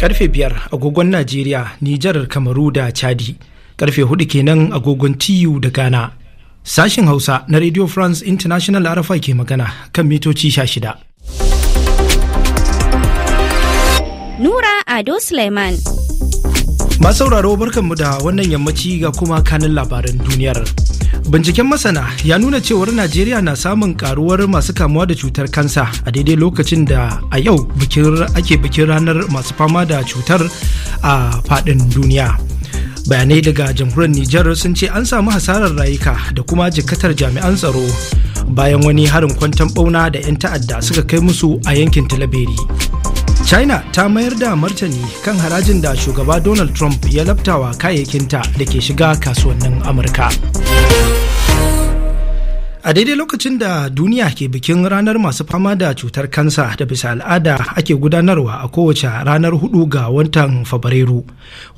karfe biyar agogon najeriya nijar kamaru da chadi karfe hudu kenan agogon tiyu da ghana sashin hausa na radio france international arafa ke magana kan mitoci sha shida. nura ado suleiman masauraro barkanmu da wannan yammaci ga kuma kanin labaran duniyar Binciken masana ya nuna cewar Najeriya na samun karuwar masu kamuwa da cutar kansa a daidai lokacin da a yau ake bikin ranar masu fama da cutar a fadin duniya. Bayanai daga jamhuriyar Nijar sun ce an samu hasarar rayuka da kuma jikatar jami'an tsaro bayan wani harin kwanton bauna da 'yan ta'adda suka kai musu a yankin talabiri china ta mayar da martani kan harajin da shugaba donald trump ya labtawa kayayyakinta da ke shiga kasuwannin amurka a daidai lokacin da duniya ke bikin ranar masu fama da cutar kansa da bisa al'ada ake gudanarwa a kowace ranar hudu ga watan fabrairu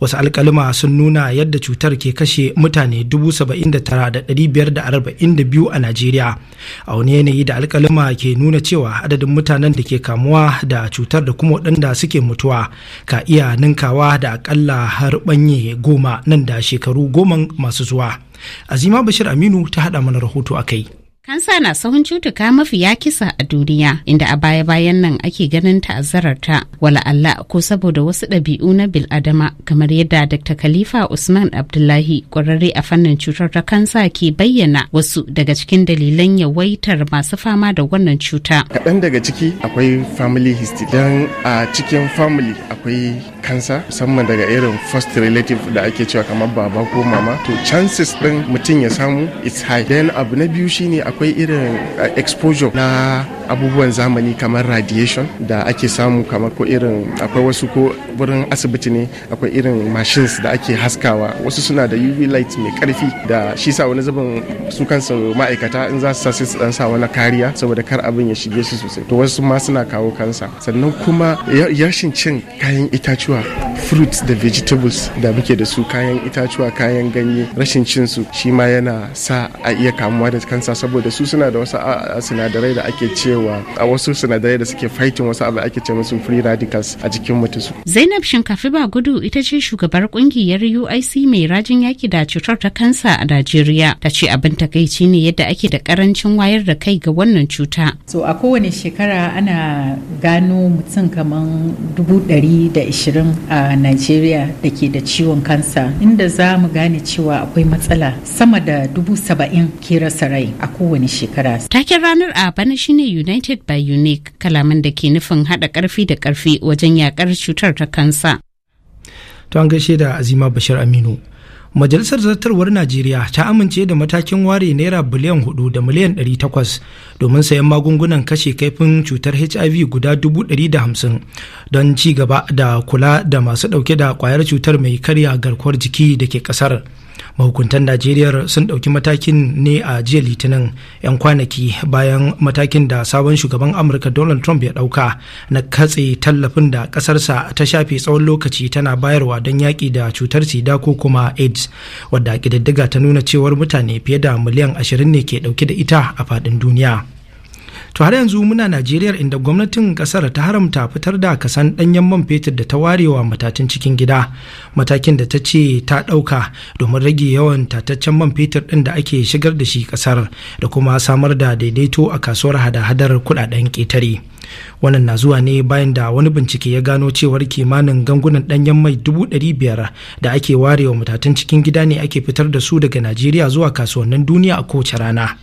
wasu alkalima sun nuna yadda cutar ke kashe mutane 79,542 a najeriya a wani yanayi da alkalima ke nuna cewa adadin mutanen da ke kamuwa da cutar da kuma waɗanda suke mutuwa ka iya ninkawa da akalla har banye goma nan da shekaru goma masu zuwa azima bashir aminu ta haɗa mana rahoto a kai Kansa na sahun cutuka mafiya kisa a duniya inda a baya-bayan nan ake ganin ta'azzararta wala Allah ko saboda wasu ɗabi'u na bil adama kamar yadda Dr. Khalifa Usman Abdullahi ƙwararre a fannin cutar ta kansa ke bayyana wasu daga cikin dalilan yawaitar masu fama da wannan cuta. Kaɗan daga ciki akwai family history don a cikin family akwai kansa musamman daga irin first relative da ake cewa kamar baba ko mama to chances ɗin mutum ya samu it's high. Then abu na biyu shine akwai akwai irin ah, exposure na abubuwan zamani kamar radiation da ake samu kamar ko irin akwai wasu ko wurin asibiti ne akwai irin machines da ake haskawa wasu suna da UV light mai karfi da shi sa wani zubin su kansu ma'aikata in za su sa su dan sa wani kariya saboda kar abin ya shige su sosai to wasu ma suna kawo kansa sannan kuma yashin cin kayan itacuwa fruits da vegetables da muke da su kayan itacuwa kayan ganye rashin cin su shi ma yana sa a iya kamuwa da kansa saboda su suna da wasu sinadarai da ake cewa cewa a wasu sinadarai da suke fighting wasu abu ake ce musu free radicals a jikin mutum su. Zainab Shinkafi ba gudu ita ce shugabar kungiyar UIC mai rajin yaki da cutar ta kansa a Najeriya. Ta ce abin takaici ne yadda ake da karancin wayar da kai ga wannan cuta. So a kowane shekara ana gano mutum kaman dubu ɗari da ishirin a Najeriya da ke da ciwon kansa inda za mu gane cewa akwai matsala sama da dubu saba'in ke rasa rai a kowane shekara. Taken ranar a bana shine United by Unique kalaman da ke nufin haɗa ƙarfi da ƙarfi wajen yaƙar cutar ta kansa. To an gaishe da Azima Bashir Aminu. Majalisar Zartarwar Najeriya ta amince da matakin ware naira biliyan hudu da miliyan ɗari takwas domin sayan magungunan kashe kaifin cutar HIV guda dubu ɗari da hamsin don ci gaba da kula da masu ɗauke da ƙwayar cutar mai karya garkuwar jiki da ke ƙasar. mahukuntan najeriya sun ɗauki matakin ne a jiya litinin 'yan kwanaki bayan matakin da sabon shugaban amurka donald trump ya ɗauka na katse tallafin da ƙasarsa ta shafe tsawon lokaci tana bayarwa don yaƙi da cutar sida ko kuma aids wadda ƙididdiga ta nuna cewar mutane fiye da miliyan 20 ne ke ɗauke da ita a faɗin duniya to har yanzu muna najeriya inda gwamnatin kasar ta haramta fitar da kasan danyen man fetur da ta warewa matatan cikin gida matakin da ta ce ta ɗauka domin rage yawan tataccen man fetur ɗin da ake shigar da shi kasar da kuma samar da daidaito a kasuwar hada-hadar kuɗaɗen ƙetare wannan na zuwa ne bayan da wani bincike ya gano cewar kimanin gangunan ɗanyen mai dubu ɗari biyar da ake warewa matatan cikin gida ne ake fitar da su daga najeriya zuwa kasuwannin duniya a kowace rana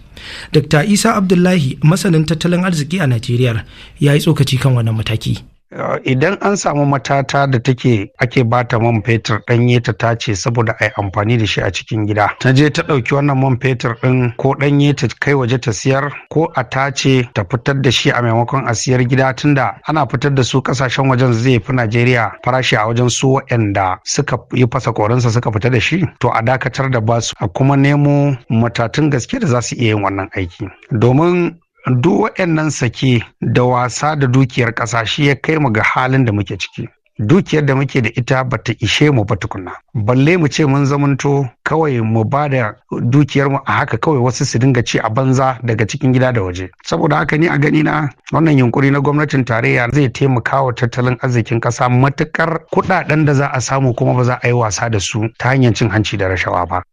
Dr. Isa Abdullahi masanin tattalin arziki a Najeriya ya yi tsokaci kan wannan mataki. Eh, idan an samu matata da take ake bata man fetur ɗanye ta tace saboda a yi amfani da shi a cikin gida ta je ta ɗauki wannan man fetur ɗin ko ɗanye ta kai waje ta siyar ko a tace ta fitar da shi a maimakon a siyar gida tunda ana fitar da su ƙasashen wajen zai fi najeriya farashi a wajen su waɗanda suka yi fasa korinsa suka fita da shi to a dakatar da basu a kuma nemo matatun gaske da za su iya yin wannan aiki domin duk waɗannan sake da wasa da dukiyar ƙasa shi ya kai mu ga halin da muke ciki dukiyar da muke da ita ba ta ishe mu ba tukuna balle mu ce mun zamanto kawai mu ba da dukiyar mu a haka kawai wasu su dinga ci a banza daga cikin gida da waje saboda haka ni a gani na wannan yunkuri na gwamnatin tarayya zai taimaka wa tattalin arzikin ƙasa matukar kuɗaɗen da za a samu kuma ba za a yi wasa da su ta hanyar cin hanci da rashawa ba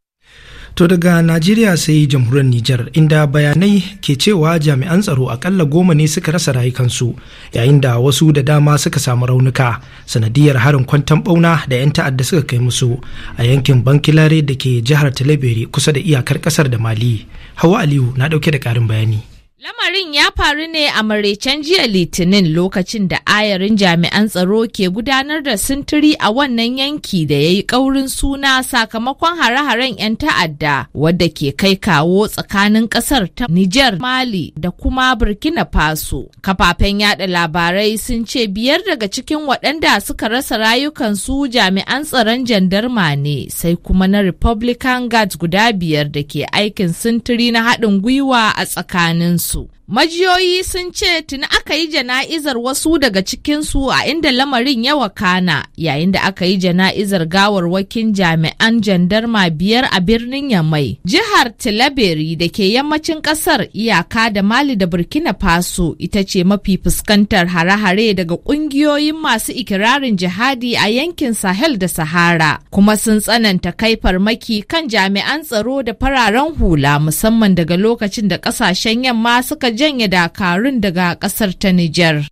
To daga Najeriya sai jamhuriyar Nijar inda bayanai ke cewa jami'an tsaro akalla goma ne suka rasa rayukansu yayin da wasu da dama suka samu raunuka sanadiyar harin kwantan bauna da 'yan ta'adda suka kai musu a yankin Bankilare da ke jihar Talabere kusa da iyakar kasar da Mali. Hawa Aliyu na dauke da karin bayani. Lamarin ya faru ne a maraicen jiya Litinin lokacin da ayarin jami'an tsaro ke gudanar da sintiri a wannan yanki da ya yi ƙaurin suna sakamakon hare-haren 'yan ta'adda wadda ke kai kawo tsakanin ƙasar ta Nijar, Mali da kuma Burkina Faso. Kafafen yada labarai sun ce biyar daga cikin waɗanda suka rasa rayukansu jami'an tsaron jandarma ne sai kuma na Republican Guards guda biyar da ke aikin sintiri na haɗin gwiwa a tsakaninsu. Sul. Majiyoyi sun ce tuni aka yi jana'izar wasu daga cikinsu a inda lamarin ya wakana yayin da aka yi jana'izar gawar gawarwakin jami'an jandarma biyar a birnin Yamai. Jihar Tilaberi da ke yammacin kasar iyaka da Mali da Burkina Faso ita ce mafi fuskantar hare-hare daga ƙungiyoyin masu ikirarin jihadi a yankin Sahel da Sahara kuma sun tsananta kai farmaki kan jami'an tsaro da fararen hula musamman daga lokacin da ƙasashen yamma suka janye dakarun daga ƙasar ta Nijar.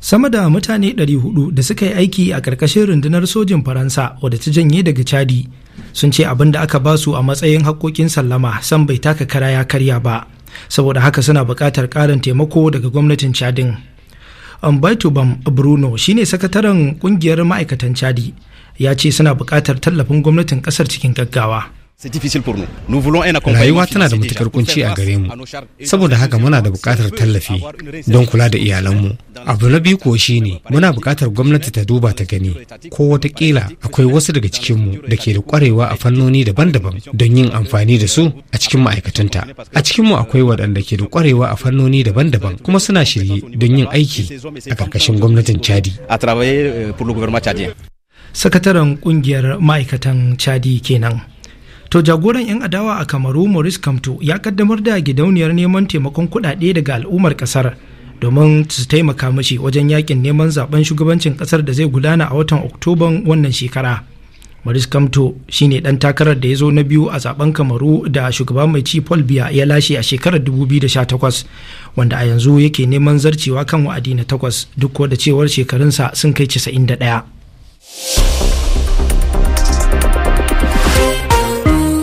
sama da mutane 400 da suka yi aiki a ƙarƙashin rundunar sojin faransa wadda ta janye daga chadi sun ce abin da aka basu a matsayin haƙoƙin sallama san bai taka kara ya karya ba saboda haka suna buƙatar ƙarin taimako daga gwamnatin chadin ambaitubam bruno shi ne sakataren ƙungiyar ma'aikatan chadi ya ce suna buƙatar tallafin gwamnatin ƙasar cikin gaggawa Rayuwa tana da matukar kunci a gare mu, saboda haka muna da bukatar tallafi don kula da iyalanmu. Abu na biyu kuwa shine muna bukatar gwamnati ta duba ta gani ko watakila akwai wasu daga cikinmu da ke da ƙwarewa a fannoni daban-daban don yin amfani da su a cikin ma'aikatanta. A cikinmu akwai waɗanda ke da ƙwarewa a fannoni daban-daban kuma suna shirye don yin aiki a ƙarƙashin gwamnatin Chadi. Euh, Sakataren ƙungiyar ma'aikatan Chadi kenan. To jagoran 'yan adawa a Kamaru Maurice Kamto ya kaddamar da gidauniyar neman taimakon kudade daga al'ummar kasar domin su taimaka mashi wajen yakin neman zaben shugabancin kasar da zai gudana a watan Oktoban wannan shekara. Maurice Kamto shine dan takarar da ya zo na biyu a zaben Kamaru da shugaba mai ci Paul Biya ya lashe a shekarar 2018 wanda a yanzu yake neman zarcewa kan wa'adi na takwas duk da cewar shekarunsa sun kai 91.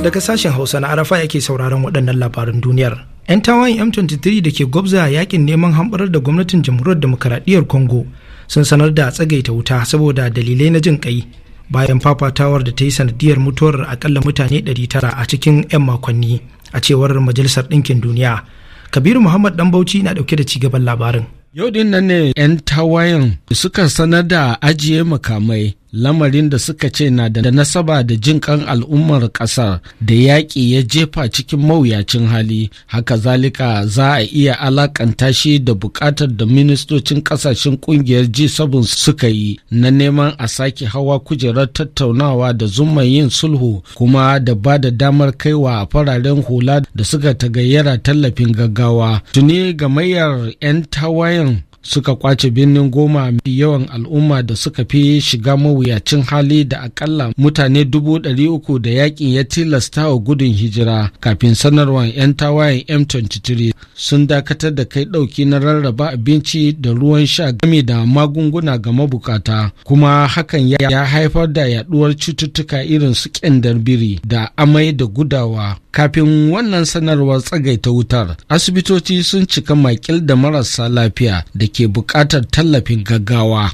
daga sashen hausa na arafa yake sauraron waɗannan labarin duniyar 'yan tawayen m23 da ke gwabza yakin neman hamɓarar da gwamnatin jamhuriyar demokaradiyyar congo sun sanar da tsagaita wuta saboda dalilai na jin kai bayan fafatawar da ta yi sanadiyar mutuwar akalla mutane 900 a cikin 'yan makonni a cewar majalisar ɗinkin duniya kabiru muhammad dan bauchi na ɗauke da cigaban labarin yau din nan ne 'yan tawayen suka sanar da ajiye makamai lamarin da suka ce na da nasaba da jin kan al'ummar ƙasar da yaƙi ya jefa cikin mawuyacin hali haka zalika za a iya alakanta shi da buƙatar da ministocin ƙasashen ƙungiyar g7 suka yi na neman a sake hawa kujerar tattaunawa da zuma yin sulhu kuma da ba da damar kaiwa a fararen hula da suka tagayyara tallafin gaggawa tuni gamayyar 'yan tawayen suka kwace birnin goma mai yawan al'umma da suka fi shiga mawuyacin hali da akalla mutane dubu ɗari uku da yakin ya tilasta wa gudun hijira kafin sanarwar 'yan tawayen m23 sun dakatar da kai ɗauki na rarraba abinci da ruwan sha game da magunguna ga mabukata kuma hakan ya haifar da yaduwar cututtuka irin su kyandar biri da amai da gudawa kafin wannan sanarwar tsagaita wutar asibitoci sun cika makil da marasa lafiya da ke buƙatar tallafin gaggawa.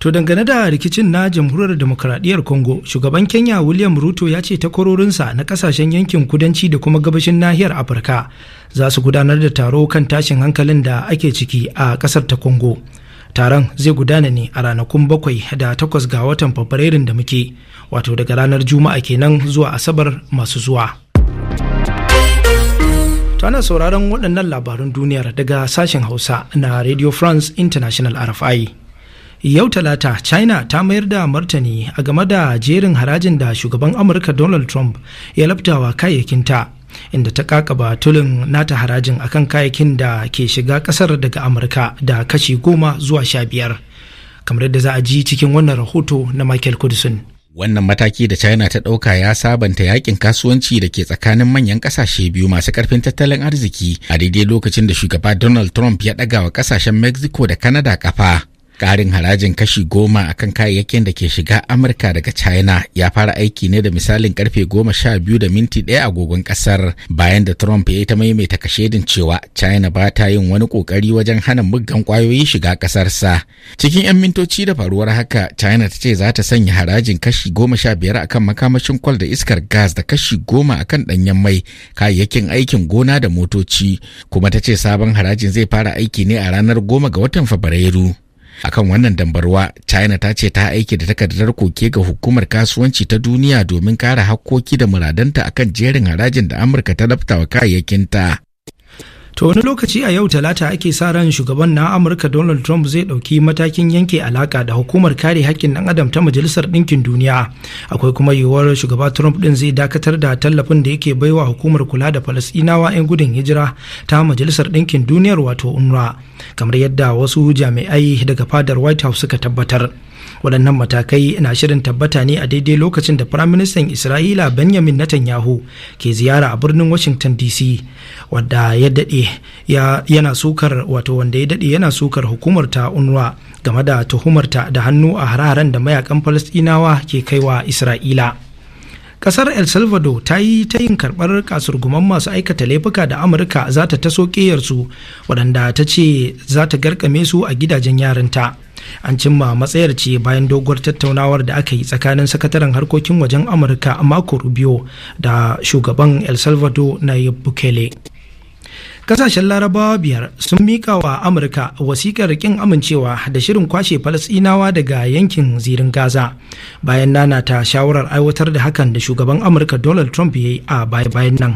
To dangane da rikicin na jamhuriyar demokuraɗiyyar Congo, shugaban Kenya William Ruto ya ce takwarorinsa na kasashen yankin kudanci da kuma gabashin nahiyar Afirka za su gudanar da taro kan tashin hankalin da ake ciki a ƙasar ta Congo. Taron zai gudana ne a ranakun bakwai da takwas ga watan Fabrairun da muke, wato daga ranar Juma'a kenan zuwa Asabar masu zuwa. To ana sauraron waɗannan labarun duniyar daga sashen Hausa na Radio France International RFI. Yau Talata, China ta mayar da martani a game da jerin harajin da shugaban Amurka Donald Trump ya labtawa ta inda ta kakaba tulin nata harajin akan kayayyakin da ke shiga ƙasar daga Amurka da kashi goma zuwa sha biyar. Kamar yadda za a ji cikin wannan rahoto na Michael Kudusun. Wannan mataki da China ta ɗauka ya sabanta yakin kasuwanci da ke tsakanin manyan ƙasashe biyu masu ƙarfin tattalin arziki a daidai lokacin da shugaba Donald Trump ya ɗaga wa ƙasashen Mexico da Canada ƙafa. karin harajin kashi goma a kan kayayyakin da ke shiga Amurka daga China ya fara aiki ne da misalin karfe goma sha biyu da minti ɗaya agogon ƙasar bayan da Trump ya yi ta maimaita kashedin cewa China ba ta yin wani ƙoƙari wajen hana muggan ƙwayoyi shiga ƙasarsa. Cikin 'yan mintoci da faruwar haka China ta ce za ta sanya harajin kashi goma sha biyar a kan makamashin kwal da iskar gas da kashi goma a kan ɗanyen mai kayayyakin aikin gona da motoci kuma ta ce sabon harajin zai fara aiki ne a ranar goma ga watan Fabrairu. akan wannan dambarwa china ta ce ta aiki da takardar koke ga hukumar kasuwanci ta duniya domin kare hakkoki da muradanta akan jerin harajin da amurka ta lafta wa kayayyakinta To wani lokaci a yau talata ake sa ran shugaban na Amurka Donald Trump zai ɗauki matakin yanke alaƙa da hukumar kare haƙƙin ɗan adam ta Majalisar Ɗinkin Duniya. Akwai kuma yiwuwar shugaba Trump ɗin zai dakatar da tallafin da yake baiwa hukumar kula da Falasɗinawa 'yan gudun hijira ta Majalisar Ɗinkin Duniyar wato UNRWA, kamar yadda wasu jami'ai daga fadar White House suka tabbatar. waɗannan matakai na shirin tabbata ne a daidai lokacin da firaministan isra'ila benjamin netanyahu ke ziyara a birnin washington dc wadda ya daɗe yana sukar wato wanda ya daɗe yana sukar hukumar ta unwa game da tuhumarta da hannu a hararen da mayakan falastinawa ke kaiwa isra'ila kasar el salvador ta yi ta yin karbar kasurguman masu aikata laifuka da amurka za ta taso ƙeyarsu waɗanda ta ce za ta garkame su a gidajen yarinta. an cimma matsayar ce bayan doguwar tattaunawar da aka yi tsakanin sakataren harkokin wajen amurka mako rubio da shugaban el salvador nayib bukele kasashen larabawa biyar sun miƙa wa amurka wasikar kin amincewa da shirin kwashe falasinawa daga yankin zirin gaza bayan ta shawarar aiwatar da hakan da shugaban amurka donald trump ya yi a baya-bayan nan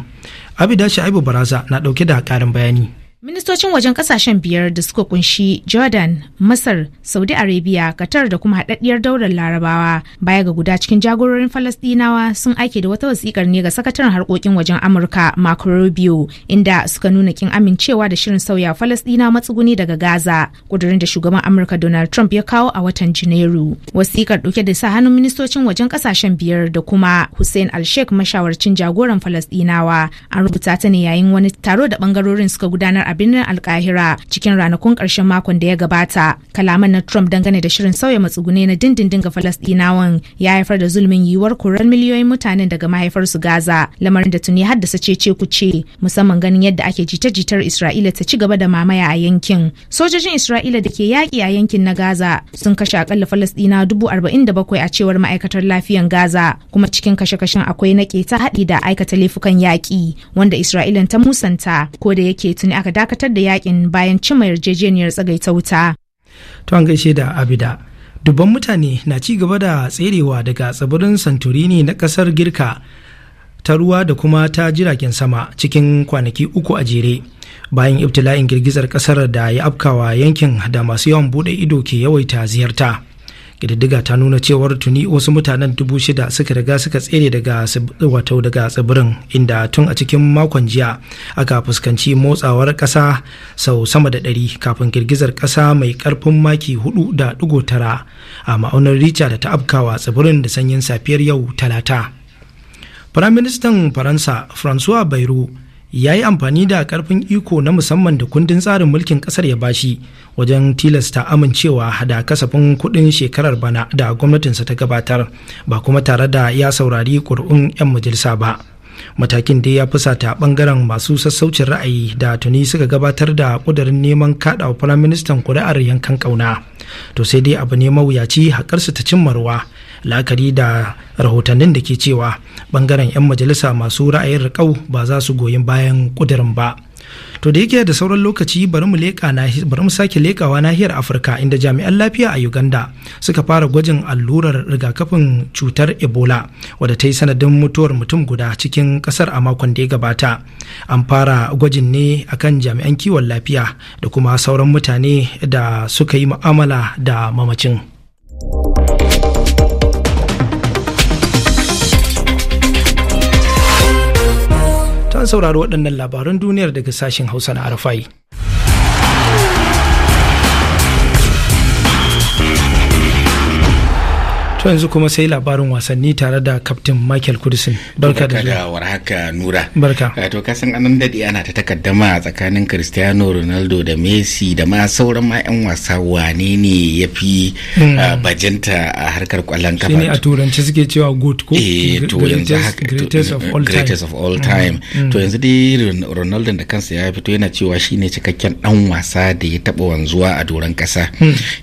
abida sha'ibu baraza na dauke da karin bayani Ministocin wajen kasashen biyar da suka kunshi Jordan, Masar, Saudi Arabia, Qatar da kuma haɗaɗɗiyar daular Larabawa baya ga guda cikin jagororin Falasɗinawa sun aike da wata wasikar ne ga sakataren harkokin wajen Amurka Marco Rubio inda suka nuna kin amincewa da shirin sauya Falasɗina matsuguni daga Gaza, kudurin da shugaban Amurka Donald Trump ya kawo a watan Janairu. Wasikar ɗauke da sa hannun ministocin wajen kasashen biyar da kuma Hussein Al-Sheikh mashawarcin jagoran Falasɗinawa an rubuta ta ne yayin wani taro da ɓangarorin suka gudanar a a birnin alkahira cikin ranakun karshen makon da ya gabata kalaman na trump dangane da shirin sauya matsugune na dindindin ga falastinawan ya haifar da zulmin yiwuwar kuran miliyoyin mutanen daga mahaifarsu gaza lamarin da tuni haddasa cece ce musamman ganin yadda ake jita-jitar isra'ila ta ci gaba da mamaya a yankin sojojin isra'ila da ke yaƙi a yankin na gaza sun kashe akalla falastina dubu arba'in da bakwai a cewar ma'aikatar lafiyan gaza kuma cikin kashe-kashen akwai na ke ta haɗi da aikata laifukan yaƙi wanda isra'ila ta musanta ko da yake tuni aka dakatar da yakin bayan cimma yarjejeniyar tsagaita wuta. To an gaishe da Abida. Dubban mutane na ci gaba da tserewa daga tsibirin Santorini na kasar Girka ta ruwa da kuma ta jiragen sama cikin kwanaki uku a jere. Bayan ibtila'in girgizar kasar da ya afkawa yankin da masu yawan bude ido ke yawaita ziyarta. ƙididdiga ta nuna cewar tuni wasu mutanen dubu shida suka riga suka tsere daga wato daga tsibirin inda tun a cikin makon jiya aka fuskanci motsawar kasa sau sama da ɗari kafin girgizar ƙasa mai karfin maki hudu da ɗigo tara a ma'aunar Richard da ta afkawa tsibirin da sanyin safiyar yau talata firaministan faransa francois bayrou ya yi amfani da karfin iko na musamman da kundin tsarin mulkin kasar ya bashi wajen tilasta amincewa da kasafin kudin shekarar bana da gwamnatinsa ta gabatar ba kuma tare da ya saurari ƙuri'un 'yan majalisa ba matakin da ya fusata bangaren masu sassaucin ra'ayi da tuni suka gabatar da kudirin neman kaɗawa wa firaministan kuri'ar yankan kauna to sai dai abu ne mawuyaci haƙarsu ta cimma ruwa. la'akari da rahotannin da ke cewa bangaren 'yan majalisa masu ra'ayin riƙau ba za su goyi bayan ƙudurin ba to da yake da sauran lokaci bari mu bari mu sake lekawa nahiyar afirka inda jami'an lafiya a uganda suka fara gwajin allurar rigakafin cutar ebola wadda ta yi sanadin mutuwar mutum guda cikin kasar a makon da ya gabata an fara gwajin ne akan jami'an kiwon lafiya da kuma sauran mutane da suka yi mu'amala da mamacin. an saurari waɗannan labaran duniyar daga sashen Hausa na Arafai. to yanzu kuma sai labarin wasanni tare da kaftin michael kudisin barka da da warhaka nura barka eh, to kasan anan dadi ana ta takaddama tsakanin cristiano ronaldo da messi da ma sauran ma yan wasa wane ne ya fi mm. ah, bajinta a harkar kwallon kafa shine a turanci suke cewa goat ko eh, to yanzu greatest of all time mm, mm. to yanzu dai ronaldo da kansa ya fito yana cewa shine cikakken dan wasa da ya taba wanzuwa a doron kasa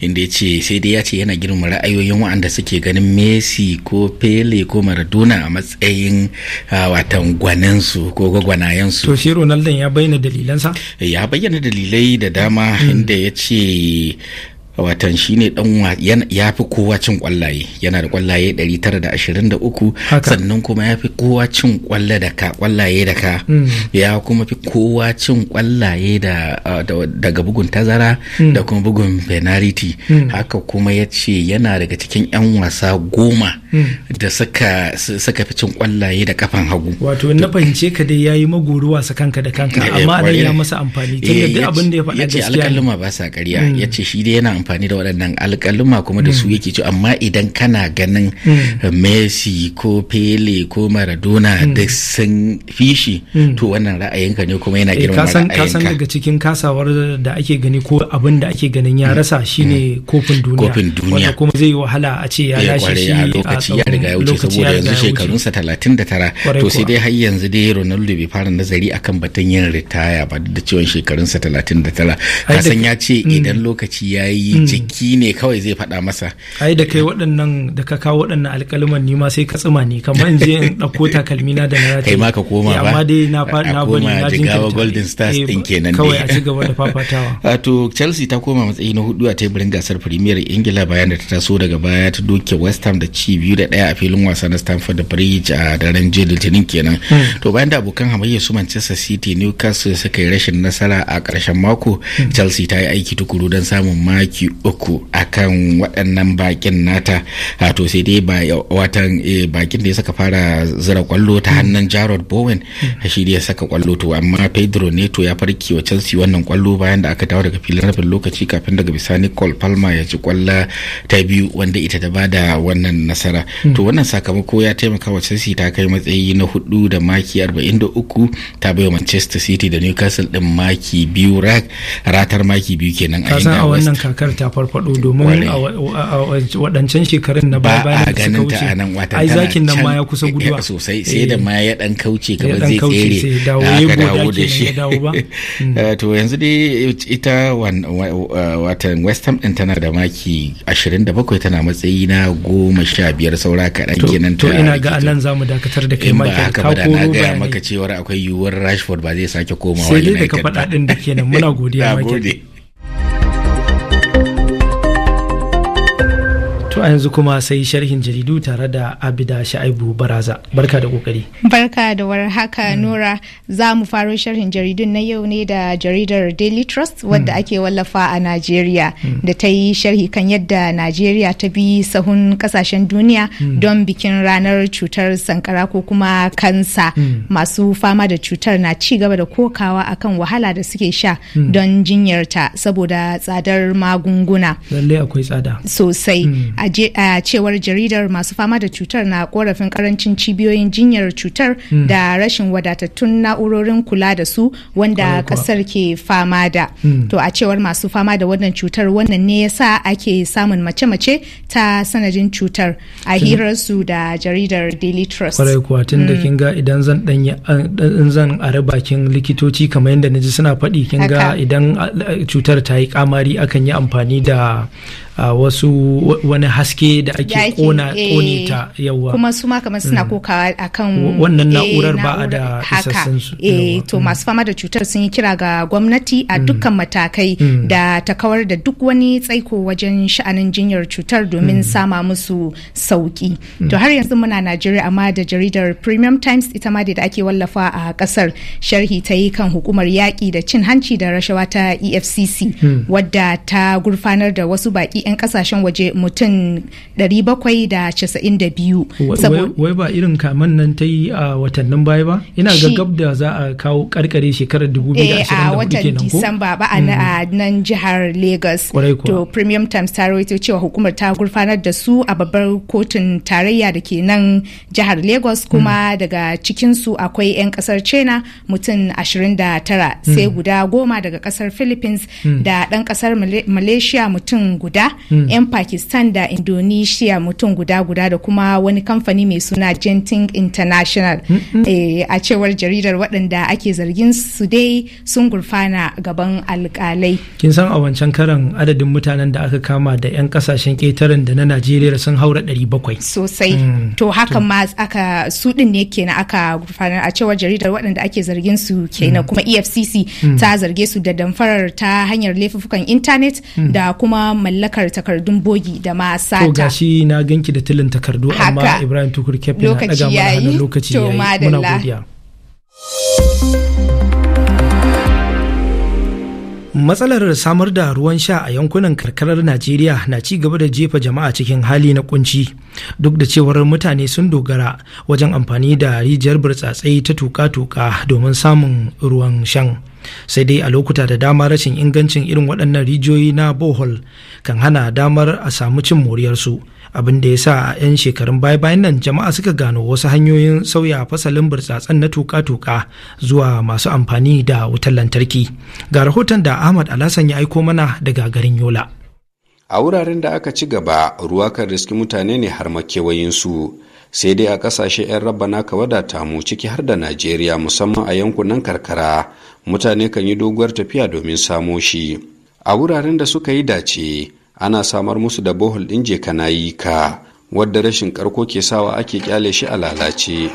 inda ya ce sai dai ya ce yana girma ra'ayoyin waɗanda suke ga ganin messi ko pele ko maradona a matsayin watan gwaninsu ko gwagwanayensu to shi ronaldo ya bayyana dalilansa ya bayyana dalilai da dama mm. inda ya ce watan ne dan ya fi kowa cin kwallaye yana da kwallaye 923 sannan kuma ya fi kowa cin da kwallaye da ka hmm. ya kuma fi kowa cin kwallaye daga bugun tazara hmm. da kuma bugun penalty hmm. haka kuma ya ce yana daga cikin 'yan wasa goma Hmm. da saka saka ficin kwallaye da kafan hagu wato na fahimce ka dai yayi maguruwa sa kanka da kanka eh, amma dan ya masa amfani tun da eh, abin da ya faɗa gaskiya yace alƙaluma ba sa ƙarya hmm. yace shi dai yana amfani da waɗannan alƙaluma kuma da su hmm. yake ci amma idan kana ganin Messi ko Pele ko Maradona da sun fishi to wannan ra'ayinka ne kuma yana eh, girma ra'ayinka kasan daga cikin kasawar da ake gani ko abin da ake ganin ya rasa shine kofin duniya wanda kuma zai wahala a ce ya lashe shi lokaci ya riga ya wuce saboda yanzu shekarunsa talatin da tara to sai dai har yanzu dai ronaldo bai fara nazari akan batun yin ritaya ba da cewa shekarunsa talatin da tara kasan ya ce mm. idan lokaci ya yi mm. jiki ne kawai zai fada masa ai da kai waɗannan da ka kawo waɗannan alƙaluman ni ma sai ka tsima ne kamar in je in ɗauko takalmi na da na kai ma ka koma ba amma dai na fara na bani na jinkirta golden stars eh, kenan kawai a ci gaba da fafatawa to chelsea ta koma matsayi na hudu a teburin gasar premier ingila bayan da ta taso daga baya ta doke west ham da ci biyu biyu da ɗaya a filin wasa na stamford bridge a daren jiya litinin kenan hmm. to bayan da abokan hamayya su manchester city newcastle suka yi rashin nasara a ƙarshen mako hmm. chelsea ta yi aiki tukuru don samun maki uku akan waɗannan bakin nata to sai dai watan eh, bakin da ya saka fara zira kwallo ta hmm. hannun jarrod bowen shi da ya saka kwallo to amma pedro neto ya farki wa chelsea wannan kwallo bayan da aka dawo daga filin rabin lokaci kafin daga bisani cole palmer ya ci kwalla ta biyu wanda ita ta bada wannan nasara ba to wannan sakamako ya taimaka wa chelsea ta kai matsayi na hudu da maki 43 ta bai manchester city da newcastle din maki biyu ratar maki biyu kenan a inda wannan kakar ta farfado domin a waɗancan shekarun na baya ba a ganin ta a nan wata zakin nan ma ya kusa guduwa sosai sai da eh. ma ya dan kauce gaba zai tsere da aka dawo da shi hmm. eh, to yanzu dai ita watan west ham din tana da maki 27 tana matsayi na goma sha biyar biyar saura kaɗan kenan ta to ina ga anan za mu dakatar da kai Michael ka koro bayani gaya maka cewar akwai yiwuwar Rashford ba zai sake komawa United sai dai da ka faɗa din da kenan muna godiya Michael To a yanzu kuma sai sharhin jaridu tare da Abida Sha'ibu Baraza. Barka da kokari. Barka da warhaka mm. Nora. Za mu faro sharhin jaridun na yau ne da jaridar Daily Trust wadda mm. ake wallafa a Najeriya mm. da ta yi sharhi kan yadda Najeriya ta bi sahun kasashen duniya don bikin ranar cutar sankara ko kuma kansa. Masu fama da cutar na ci gaba da kokawa akan wahala da suke sha don jinyarta saboda tsadar magunguna. Lallai akwai tsada. Sosai. A a cewar jaridar masu fama da cutar na korafin karancin cibiyoyin jinyar cutar hmm. da rashin wadatattun na'urorin kula da su wanda kasar ke fama da hmm. to a cewar masu fama da wannan cutar wannan ne yasa ake samun mace-mace ta sanadin cutar a hirarsu da jaridar daily trust kwarai kuwa tun da hmm. kin idan zan in zan are bakin likitoci kamar yadda na ji suna faɗi kin idan cutar ta yi kamari akan yi amfani da uh, wasu wani haske da ake kona eh, kone ta yawa kuma su ma kamar suna mm. kokawa kan wannan eh, na'urar ba a da isassun eh, to mm. masu fama da cutar sun yi kira ga gwamnati a mm. dukkan matakai da ta kawar da duk wani tsaiko wajen sha'anin jinyar cutar domin sama musu sauki to har yanzu muna Najeriya amma da jaridar Premium Times ita ma da ake wallafa a kasar sharhi ta yi kan hukumar yaƙi da cin hanci da rashawa ta EFCC wadda ta gurfanar da wasu baƙi 'yan kasashen waje mutum 792 wai ba irin kaman nan ta yi a watannin baya ba ina ga gab da za a kawo karkare shekarar 2024 eh, a watan disamba ba mm. a nan jihar lagos to premium times ta rawaito cewa hukumar ta gurfanar da su a babbar kotun tarayya da ke nan jihar lagos kuma mm. daga cikinsu akwai 'yan kasar china mutum 29 mm. sai guda goma daga kasar philippines da ɗan kasar malaysia mutum guda Hmm. yan pakistan da indonesia mutum guda guda da kuma wani kamfani mai suna genting international hmm, hmm. Eh, a cewar jaridar waɗanda ake zargin su dai sun gurfana gaban alkalai kin san a wancan karan adadin mutanen da aka kama da 'yan kasashen ƙetaren da na najeriya sun haura 700 sosai to haka ma aka su din ne kenan aka gurfana a cewar jaridar waɗanda ake zargin su kenan kuma efcc ta zarge su da damfarar ta hanyar laifukan intanet da kuma mallakar harkar takardun bogi da ma sata. To gashi na ganki da tilin takardu amma Ibrahim Tukur Kefi na daga mana lokaci yayi. Muna godiya. Matsalar samar da ruwan sha a yankunan karkarar Najeriya na ci gaba da jefa jama'a cikin hali na kunci duk da cewar mutane sun dogara wajen amfani da rijiyar burtsatsai ta tuka-tuka domin samun ruwan shan. sai dai a lokuta da dama rashin ingancin irin waɗannan rijiyoyi na bohol kan hana damar a samu cin moriyarsu abin da ya sa a 'yan shekarun baya bayan nan jama'a suka gano wasu hanyoyin sauya fasalin burtsatsen na tuka-tuka zuwa masu amfani da wutar lantarki ga rahoton da ahmad alasan ya aiko mana daga garin yola a wuraren da aka ci gaba ruwa kan riski mutane ne har makewayinsu sai dai a kasashe 'yan rabba ka wadata mu ciki har da najeriya musamman a yankunan karkara mutane kan yi doguwar tafiya domin samo shi a wuraren da suka yi dace ana samar musu da bohol ɗin je yi ka wadda rashin karko ke sawa ake kyale shi a lalace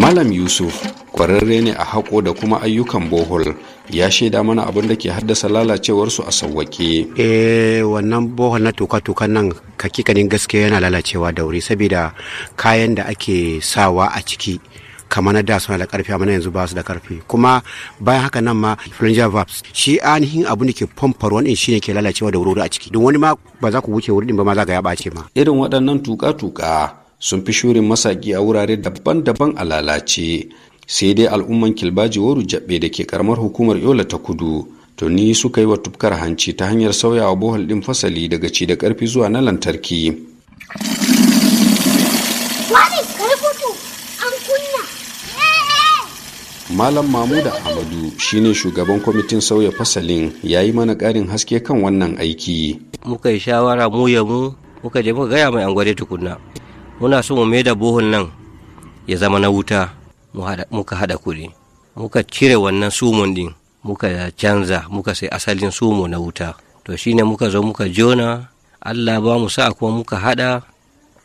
malam yusuf kwararre ne a hako da kuma ayyukan bohol ya shaida mana abin da ke haddasa lalacewarsu a sauwake. eh wannan bohol na tuka-tukan nan hakikanin gaskiya yana lalacewa da wuri saboda kayan da ake sawa a ciki kamar na da suna da karfi amma yanzu ba su da karfi kuma bayan haka nan ma flanger valves shi ainihin abu da ke famfar wani in shine ke lalacewa da wuri a ciki don wani ma ba za ku wuce wurin ba ma za ka ya bace ma irin waɗannan tuka-tuka sun fi shurin masaki a wurare daban-daban a lalace sai dai al'umman kilbaji woru jabbe da ke karamar hukumar yola ta kudu to ni suka yi wa tufkar hanci ta hanyar sauyawa bohol din fasali daga ci da karfi zuwa na lantarki malam da ahmadu shine shugaban kwamitin sauya fasalin ya yi mana ƙarin haske kan wannan aiki muka yi shawara mu ya mu muka je muka gaya mai gwade tukunna muna so mu mai da bohol nan ya zama na wuta muka haɗa kuɗi muka cire wannan sumun ɗin muka canza muka sai asalin sumo na wuta to shine muka zo muka jona allah ba mu sa kuma muka haɗa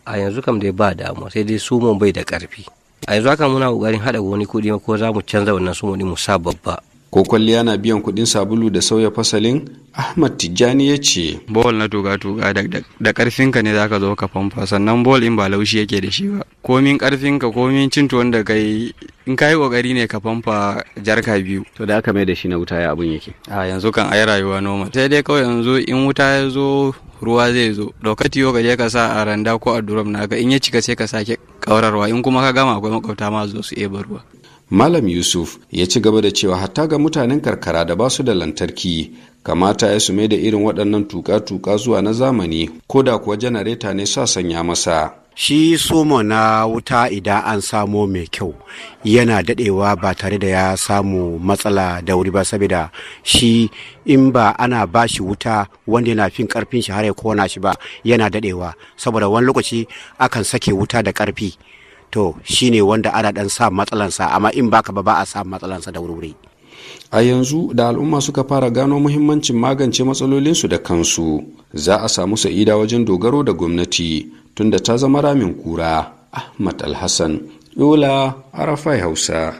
a yanzu kam dai ba damuwa sai dai sumon bai da ƙarfi a yanzu haka muna ƙoƙarin haɗa wani kuɗi ko za mu canza wannan sumo ɗin mu sa babba ko kwalliya na biyan kuɗin sabulu da sauya fasalin ahmad tijjani ya ce bol na tuga-tuga da ƙarfinka ne zaka zo ka famfa sannan bol in ba laushi yake da shi ba komin ƙarfinka komin cin tuwon da kai in ka yi ƙoƙari ne ka famfa jarka biyu to da aka mai da shi na wuta ya abin yake a yanzu kan ai rayuwa noma sai dai kawai yanzu in wuta ya zo ruwa zai zo ɗauka tiyo ka je ka sa a randa ko a na naka in ya cika sai ka sake kaurarwa in kuma ka gama akwai makwabta ma zo su eba ruwa Malam Yusuf ya ci gaba da cewa hatta ga mutanen karkara da basu da lantarki kamata ya su da irin waɗannan tuka-tuka zuwa na zamani ko da kuwa janareta ne sa sanya masa. Shi somo na wuta idan an samo mai kyau yana daɗewa ba tare da ya samu matsala da wuri ba saboda shi in ba ana ba shi wuta wanda yana fin karfin shi har ya kona shi ba yana daɗewa saboda wani lokaci akan sake wuta da ƙarfi. to shi ne wanda ana dan sa matsalansa amma in baka ba ba a sa matsalansa da wuri a yanzu da al'umma suka fara gano muhimmancin magance matsalolinsu da kansu za a samu sa'ida wajen dogaro da gwamnati tunda ta zama ramin kura ahmad alhassan yola arafai hausa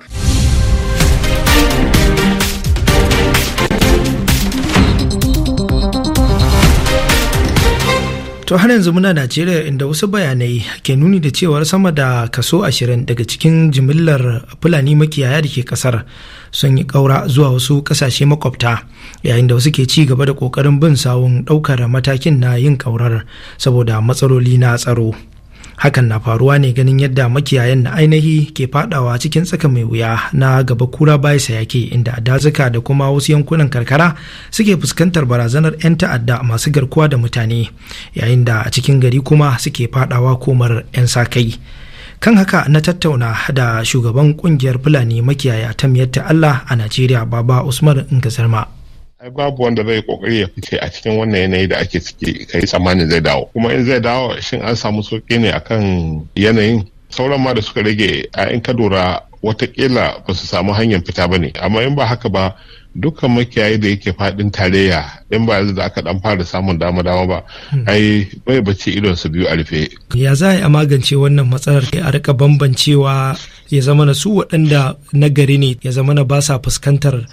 To har yanzu muna Najeriya inda wasu bayanai ke nuni da cewar sama da kaso ashirin daga cikin jimillar Fulani makiyaya da ke kasar sun yi kaura zuwa wasu kasashe makwabta yayin da wasu ke ci gaba da kokarin bin sawun daukar matakin na yin ƙaurar saboda matsaloli na tsaro. hakan na faruwa ne ganin yadda makiyayan na ainihi ke fadawa cikin tsaka mai wuya na gaba kura bayisa yake inda dazuka da kuma wasu yankunan karkara suke fuskantar barazanar 'yan ta'adda masu garkuwa da mutane yayin da a cikin gari kuma suke fadawa komar 'yan sakai kan haka na tattauna da shugaban kungiyar fulani makiyaya ta miyar Allah a najeriya baba usman nkazarma ai babu wanda zai kokari ya fice a cikin wannan yanayi da ake ciki kai tsammanin zai dawo kuma in zai dawo shin an samu sauki ne akan yanayin sauran ma da suka rage a in ka dora watakila ba su samu hanyar fita ba ne amma in ba haka ba dukkan makiyayi da yake fadin tarayya in ba da aka dan fara samun dama dama ba hmm. ai bai bacci idon su biyu a rufe ya za a magance wannan matsalar a rika bambancewa ya zama na su waɗanda na gari ne ya zama na ba sa fuskantar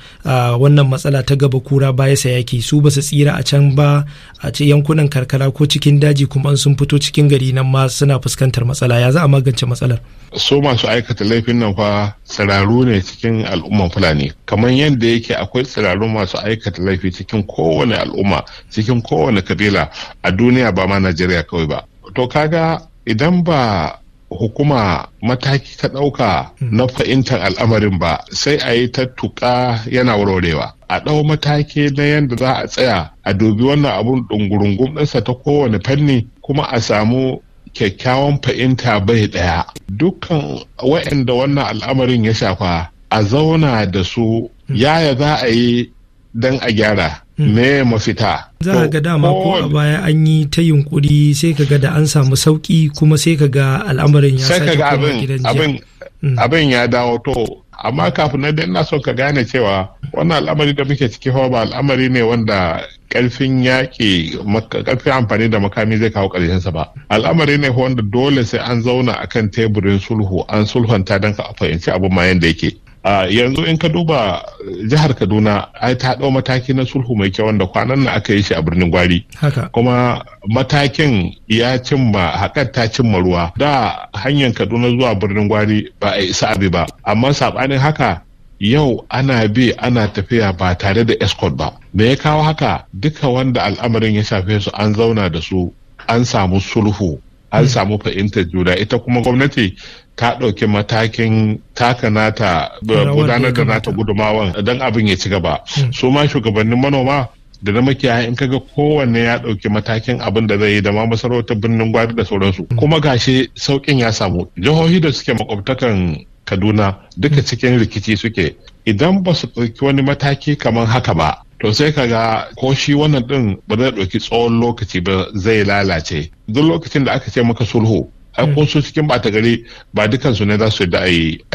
wannan matsala ta gaba kura baya sa yaki su ba su tsira a can ba a ce yankunan karkara ko cikin daji kuma sun fito cikin gari nan ma suna fuskantar matsala ya za a magance matsalar su masu aikata laifin nan fa tsiraru ne cikin al'umman fulani kamar yadda yake akwai tsirarru masu aikata laifi cikin kowane al'umma cikin kowane kabila a duniya ba ma najeriya kawai ba to kaga idan ba hukuma mataki ta ɗauka hmm. na fahimtar al'amarin ba sai a yi ta tuƙa yana warwarewa a ɗau mataki na yadda za a tsaya a dubi wannan abun ɗungurungun ɗinsa ta kowane fanni kuma a samu kyakkyawan fahimta bai ɗaya dukkan wa'anda wannan al'amarin ya shafa a zauna da su yaya hmm. za a yi don a gyara hmm. me mafita za a ga dama ko a baya an yi ta yunkuri sai ka ga da an samu sauki kuma sai ka ga al'amarin ya sake kuma gidan abin hmm. abin ya dawo to amma kafin na na so ka gane cewa wannan al'amari da muke ciki ba al'amari ne wanda karfin yaƙi karfin amfani da makami zai kawo ƙarshensa ba al'amari ne wanda dole sai an zauna akan teburin sulhu an sulhanta don ka fahimci abu ma yanda yake a yanzu in ka duba eh, jihar kaduna ai ta ɗau mataki na sulhu mai kyau wanda kwanan nan aka yi shi a birnin gwari kuma matakin ya cimma haƙar ta cimma ruwa da hanyar kaduna zuwa birnin gwari ba a isa abi ba amma saɓanin haka yau ana bi ana tafiya ba tare da escort ba me ya kawo haka duka wanda al'amarin ya shafe su an zauna da su an samu sulhu an hmm. samu fahimtar juna ita kuma gwamnati ta ɗauki matakin taka nata gudanar da nata gudumawan don abin ya ci gaba hmm. su ma shugabannin manoma da na makiyaya in kaga kowanne ya ɗauki matakin abin da zai yi da ma masarautar birnin gwari da sauransu hmm. kuma gashi sauƙin ya samu jihohi da suke makwabtakan kaduna duka hmm. cikin rikici suke idan ba su ɗauki wani mataki kamar haka ba to sai ka ga ko shi wannan ɗin ba zai ɗauki tsawon lokaci ba zai lalace duk lokacin da aka ce maka sulhu ai cikin bata gari ba dukansu ne za su yadda a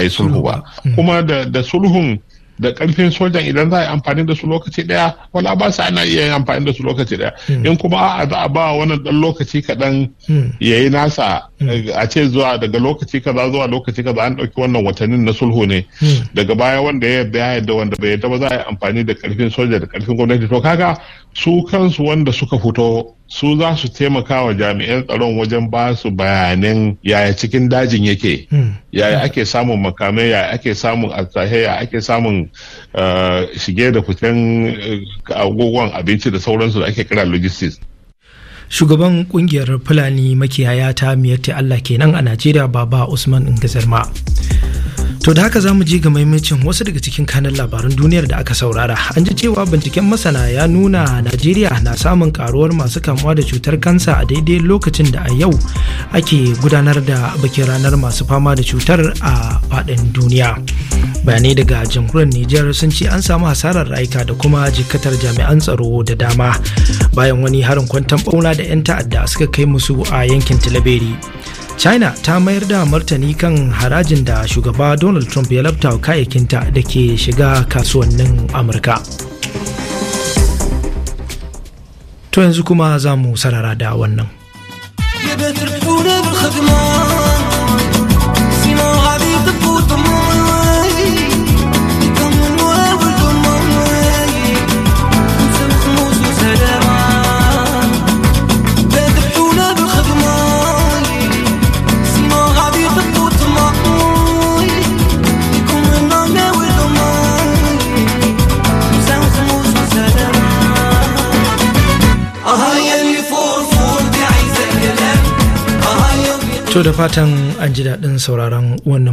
yi sulhu ba hmm. kuma da sulhun da karfin sojan idan za a yi amfani da su lokaci daya wala ba su ana iya yin amfani da su lokaci daya hmm. in kuma a za a ba wannan dan lokaci kaɗan hmm. ya yi nasa a ce zuwa daga lokaci kaza zuwa lokaci kaza an ɗauki wannan watannin na sulhu ne daga baya wanda ya yarda wanda bai yarda ba za a yi amfani da karfin soja da karfin gwamnati to kaga su kansu wanda suka fito su za su taimaka wa jami'an tsaron wajen ba su bayanan yaya cikin dajin yake hmm. yaya ake samun makamai yaya ake samun altahe yaya ake samun uh, shige da fitan uh, agogon abinci da sauransu da ake kira logistics shugaban kungiyar fulani makiyaya ta ta allah kenan a najeriya baba usman ingazarma To da haka zamu je ga maimacin wasu daga cikin kanan labaran duniyar da aka saurara. An ji cewa binciken masana ya nuna Najeriya na samun karuwar masu kamuwa da cutar kansa a daidai lokacin da a yau ake gudanar da bikin ranar masu fama da cutar a faɗin duniya. Bayanai daga jamhuriyar Nijar sun ce an samu hasarar rayuka da kuma jikatar jami'an tsaro da dama bayan wani harin kwantan bauna da 'yan ta'adda suka kai musu a yankin Tilaberi. china ta mayar da martani kan harajin da shugaba donald trump ya labta kayakinta da ke shiga kasuwannin amurka to yanzu kuma za mu sarara da wannan To da fatan an ji daɗin sauraron wannan